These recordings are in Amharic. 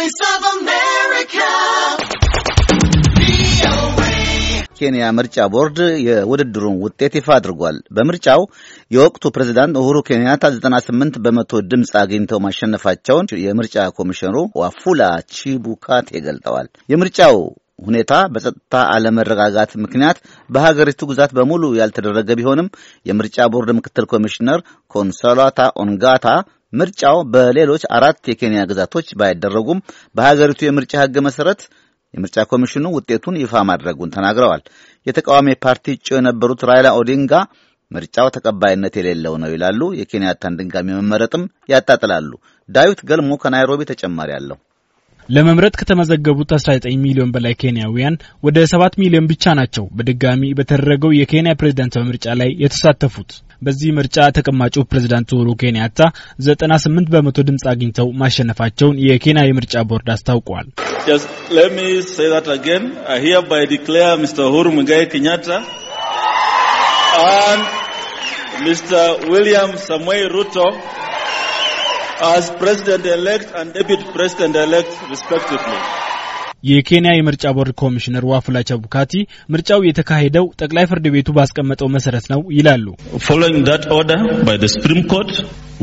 Voice of America. ኬንያ ምርጫ ቦርድ የውድድሩን ውጤት ይፋ አድርጓል። በምርጫው የወቅቱ ፕሬዚዳንት ኡሁሩ ኬንያታ 98 በመቶ ድምፅ አግኝተው ማሸነፋቸውን የምርጫ ኮሚሽነሩ ዋፉላ ቺቡካቴ ገልጠዋል። የምርጫው ሁኔታ በጸጥታ አለመረጋጋት ምክንያት በሀገሪቱ ግዛት በሙሉ ያልተደረገ ቢሆንም የምርጫ ቦርድ ምክትል ኮሚሽነር ኮንሶላታ ኦንጋታ ምርጫው በሌሎች አራት የኬንያ ግዛቶች ባይደረጉም በሀገሪቱ የምርጫ ሕግ መሠረት የምርጫ ኮሚሽኑ ውጤቱን ይፋ ማድረጉን ተናግረዋል። የተቃዋሚ ፓርቲ እጩ የነበሩት ራይላ ኦዲንጋ ምርጫው ተቀባይነት የሌለው ነው ይላሉ። የኬንያታን ድንጋሚ መመረጥም ያጣጥላሉ። ዳዊት ገልሞ ከናይሮቢ ተጨማሪ አለው። ለመምረጥ ከተመዘገቡት 19 ሚሊዮን በላይ ኬንያውያን ወደ 7 ሚሊዮን ብቻ ናቸው በድጋሚ በተደረገው የኬንያ ፕሬዝዳንታዊ ምርጫ ላይ የተሳተፉት። በዚህ ምርጫ ተቀማጩ ፕሬዝዳንት ኡሁሩ ኬንያታ 98 በመቶ ድምፅ አግኝተው ማሸነፋቸውን የኬንያ የምርጫ ቦርድ አስታውቋል። ሚስተር ዊልያም ሳሙኤል ሩቶ አስ ፕሬዚደንት ኤሌክት አንድ ዴፒቲ ፕሬዚደንት ኤሌክት ሪስፔክቲቭሊ። የኬንያ የምርጫ ቦርድ ኮሚሽነር ዋፉላ ቸቡካቲ ምርጫው የተካሄደው ጠቅላይ ፍርድ ቤቱ ባስቀመጠው መሰረት ነው ይላሉ። ፎሎዊንግ ዳት ኦርደር ባይ ዘ ሱፕሪም ኮርት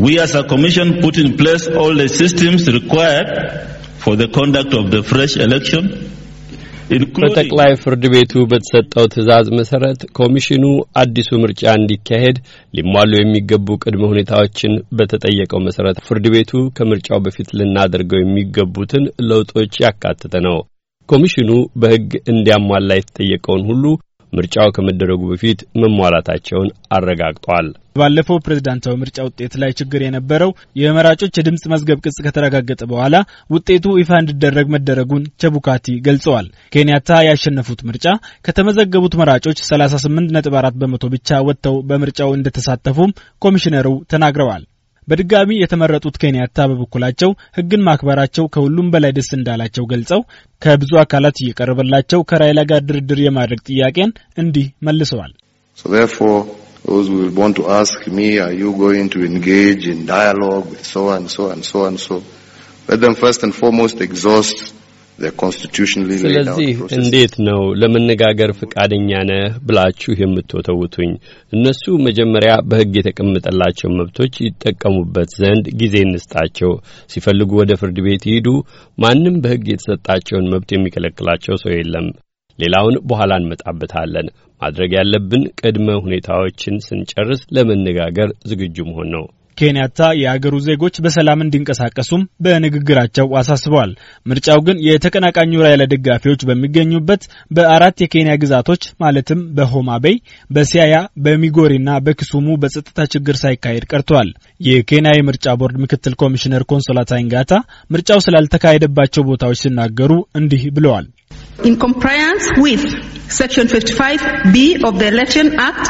ዊ አስ አ ኮሚሽን ፑት ኢን ፕሌስ ኦል ዘ ሲስተምስ ሪኳየርድ ፎር ዘ ኮንዳክት ኦፍ ዘ ፍሬሽ ኤሌክሽን በጠቅላይ ፍርድ ቤቱ በተሰጠው ትዕዛዝ መሰረት ኮሚሽኑ አዲሱ ምርጫ እንዲካሄድ ሊሟሉ የሚገቡ ቅድመ ሁኔታዎችን በተጠየቀው መሰረት ፍርድ ቤቱ ከምርጫው በፊት ልናደርገው የሚገቡትን ለውጦች ያካተተ ነው። ኮሚሽኑ በሕግ እንዲያሟላ የተጠየቀውን ሁሉ ምርጫው ከመደረጉ በፊት መሟላታቸውን አረጋግጧል። ባለፈው ፕሬዝዳንታዊ ምርጫ ውጤት ላይ ችግር የነበረው የመራጮች የድምፅ መዝገብ ቅጽ ከተረጋገጠ በኋላ ውጤቱ ይፋ እንዲደረግ መደረጉን ቸቡካቲ ገልጸዋል። ኬንያታ ያሸነፉት ምርጫ ከተመዘገቡት መራጮች 38.4 በመቶ ብቻ ወጥተው በምርጫው እንደተሳተፉም ኮሚሽነሩ ተናግረዋል። በድጋሚ የተመረጡት ኬንያታ በበኩላቸው ህግን ማክበራቸው ከሁሉም በላይ ደስ እንዳላቸው ገልጸው ከብዙ አካላት እየቀረበላቸው ከራይላ ጋር ድርድር የማድረግ ጥያቄን እንዲህ መልሰዋል። Let them first ስለዚህ እንዴት ነው ለመነጋገር ፈቃደኛ ነህ ብላችሁ የምትወተውቱኝ? እነሱ መጀመሪያ በሕግ የተቀመጠላቸው መብቶች ይጠቀሙበት ዘንድ ጊዜ እንስጣቸው። ሲፈልጉ ወደ ፍርድ ቤት ይሂዱ። ማንም በሕግ የተሰጣቸውን መብት የሚከለክላቸው ሰው የለም። ሌላውን በኋላ እንመጣበታለን። ማድረግ ያለብን ቅድመ ሁኔታዎችን ስንጨርስ ለመነጋገር ዝግጁ መሆን ነው። ኬንያታ የአገሩ ዜጎች በሰላም እንዲንቀሳቀሱም በንግግራቸው አሳስበዋል። ምርጫው ግን የተቀናቃኙ ራይላ ደጋፊዎች በሚገኙበት በአራት የኬንያ ግዛቶች ማለትም በሆማ ቤይ፣ በሲያያ፣ በሚጎሪና በክሱሙ በጸጥታ ችግር ሳይካሄድ ቀርተዋል። የኬንያ የምርጫ ቦርድ ምክትል ኮሚሽነር ኮንሶላ ታንጋታ ምርጫው ስላልተካሄደባቸው ቦታዎች ሲናገሩ እንዲህ ብለዋል። In compliance with Section 55B of the Election Act,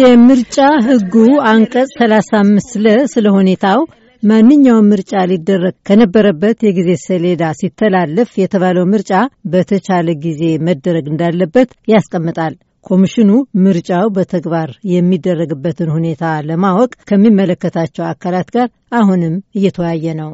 የምርጫ ሕጉ አንቀጽ 35 ለ ስለ ሁኔታው ማንኛውም ምርጫ ሊደረግ ከነበረበት የጊዜ ሰሌዳ ሲተላለፍ የተባለው ምርጫ በተቻለ ጊዜ መደረግ እንዳለበት ያስቀምጣል። ኮሚሽኑ ምርጫው በተግባር የሚደረግበትን ሁኔታ ለማወቅ ከሚመለከታቸው አካላት ጋር አሁንም እየተወያየ ነው።